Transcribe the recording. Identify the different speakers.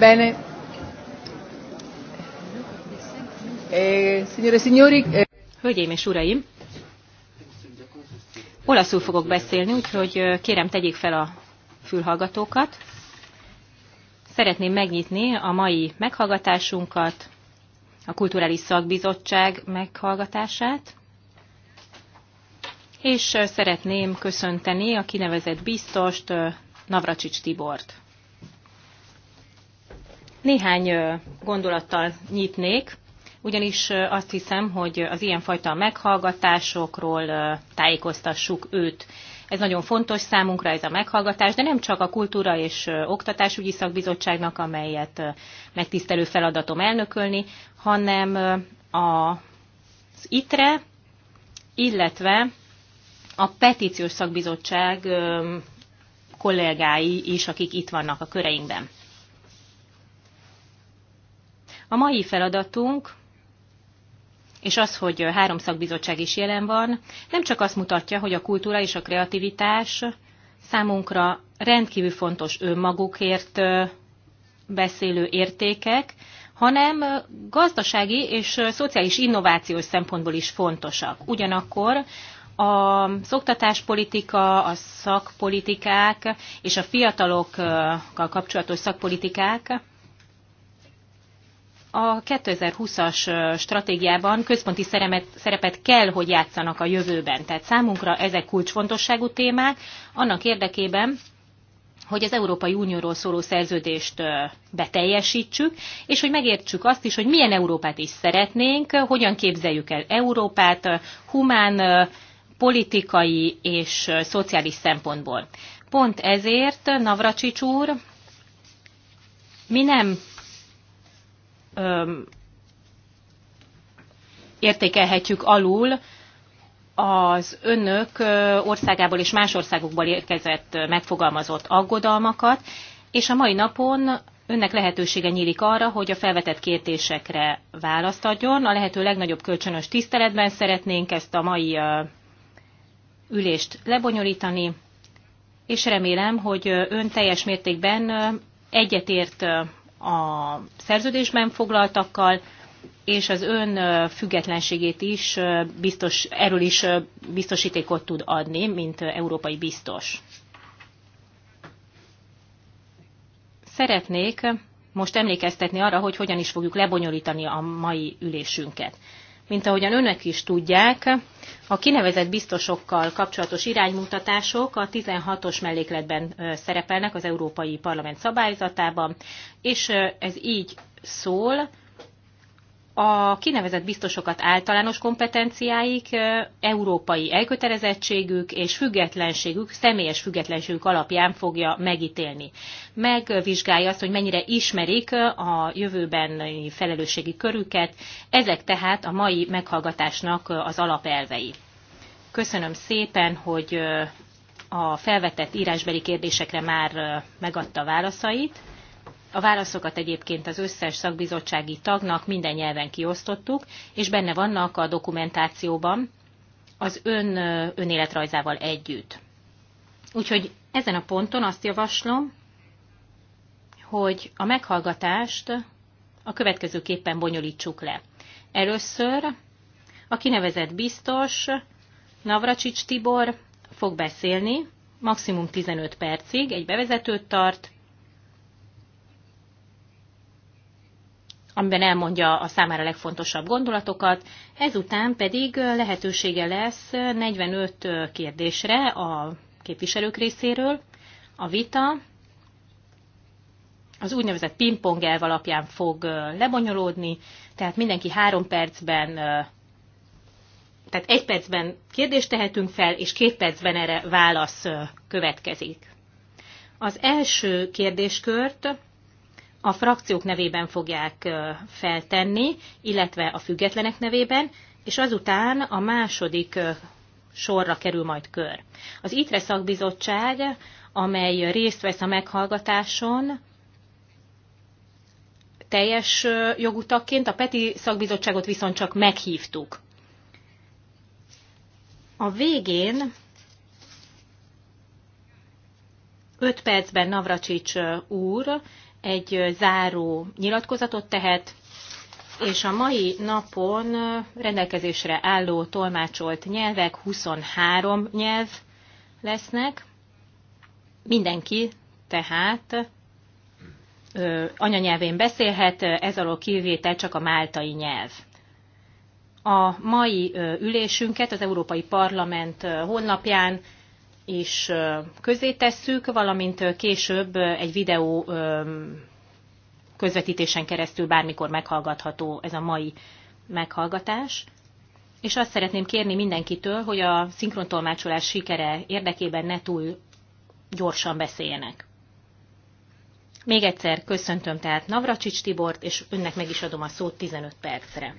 Speaker 1: Bene. Eh, e signori, eh, Hölgyeim és uraim, olaszul fogok beszélni, úgyhogy eh, kérem tegyék fel a fülhallgatókat. Szeretném megnyitni a mai meghallgatásunkat, a Kulturális Szakbizottság meghallgatását, és szeretném köszönteni a kinevezett biztost, Navracsics Tibort. Néhány gondolattal nyitnék, ugyanis azt hiszem, hogy az ilyenfajta meghallgatásokról tájékoztassuk őt. Ez nagyon fontos számunkra, ez a meghallgatás, de nem csak a Kultúra és Oktatásügyi Szakbizottságnak, amelyet megtisztelő feladatom elnökölni, hanem az ITRE, illetve a Petíciós Szakbizottság kollégái is, akik itt vannak a köreinkben. A mai feladatunk, és az, hogy három szakbizottság is jelen van, nem csak azt mutatja, hogy a kultúra és a kreativitás számunkra rendkívül fontos önmagukért beszélő értékek, hanem gazdasági és szociális innovációs szempontból is fontosak. Ugyanakkor a szoktatáspolitika, a szakpolitikák és a fiatalokkal kapcsolatos szakpolitikák a 2020-as stratégiában központi szerepet, szerepet kell, hogy játszanak a jövőben. Tehát számunkra ezek kulcsfontosságú témák, annak érdekében, hogy az Európai Unióról szóló szerződést beteljesítsük, és hogy megértsük azt is, hogy milyen Európát is szeretnénk, hogyan képzeljük el Európát humán, politikai és szociális szempontból. Pont ezért, Navracsics úr, mi nem értékelhetjük alul az önök országából és más országokból érkezett megfogalmazott aggodalmakat, és a mai napon önnek lehetősége nyílik arra, hogy a felvetett kérdésekre választ adjon. A lehető legnagyobb kölcsönös tiszteletben szeretnénk ezt a mai ülést lebonyolítani, és remélem, hogy ön teljes mértékben egyetért a szerződésben foglaltakkal, és az ön függetlenségét is biztos, erről is biztosítékot tud adni, mint európai biztos. Szeretnék most emlékeztetni arra, hogy hogyan is fogjuk lebonyolítani a mai ülésünket. Mint ahogyan önök is tudják, a kinevezett biztosokkal kapcsolatos iránymutatások a 16-os mellékletben szerepelnek az Európai Parlament szabályzatában, és ez így szól, a kinevezett biztosokat általános kompetenciáik, európai elkötelezettségük és függetlenségük, személyes függetlenségük alapján fogja megítélni. Megvizsgálja azt, hogy mennyire ismerik a jövőbeni felelősségi körüket, ezek tehát a mai meghallgatásnak az alapelvei. Köszönöm szépen, hogy a felvetett írásbeli kérdésekre már megadta válaszait. A válaszokat egyébként az összes szakbizottsági tagnak minden nyelven kiosztottuk, és benne vannak a dokumentációban az ön önéletrajzával együtt. Úgyhogy ezen a ponton azt javaslom, hogy a meghallgatást a következőképpen bonyolítsuk le. Először a kinevezett biztos Navracsics Tibor fog beszélni, maximum 15 percig, egy bevezetőt tart, amiben elmondja a számára legfontosabb gondolatokat, ezután pedig lehetősége lesz 45 kérdésre a képviselők részéről. A vita az úgynevezett pingpong elv alapján fog lebonyolódni, tehát mindenki három percben, tehát egy percben kérdést tehetünk fel, és két percben erre válasz következik. Az első kérdéskört a frakciók nevében fogják feltenni, illetve a függetlenek nevében, és azután a második sorra kerül majd kör. Az ITRE szakbizottság, amely részt vesz a meghallgatáson, teljes jogutakként, a PETI szakbizottságot viszont csak meghívtuk. A végén 5 percben Navracsics úr egy záró nyilatkozatot tehet, és a mai napon rendelkezésre álló tolmácsolt nyelvek 23 nyelv lesznek. Mindenki tehát anyanyelvén beszélhet, ez alól kivétel csak a máltai nyelv. A mai ülésünket az Európai Parlament honlapján is közé tesszük, valamint később egy videó közvetítésen keresztül bármikor meghallgatható ez a mai meghallgatás. És azt szeretném kérni mindenkitől, hogy a szinkrontolmácsolás sikere érdekében ne túl gyorsan beszéljenek. Még egyszer köszöntöm tehát Navracsics Tibort, és önnek meg is adom a szót 15 percre.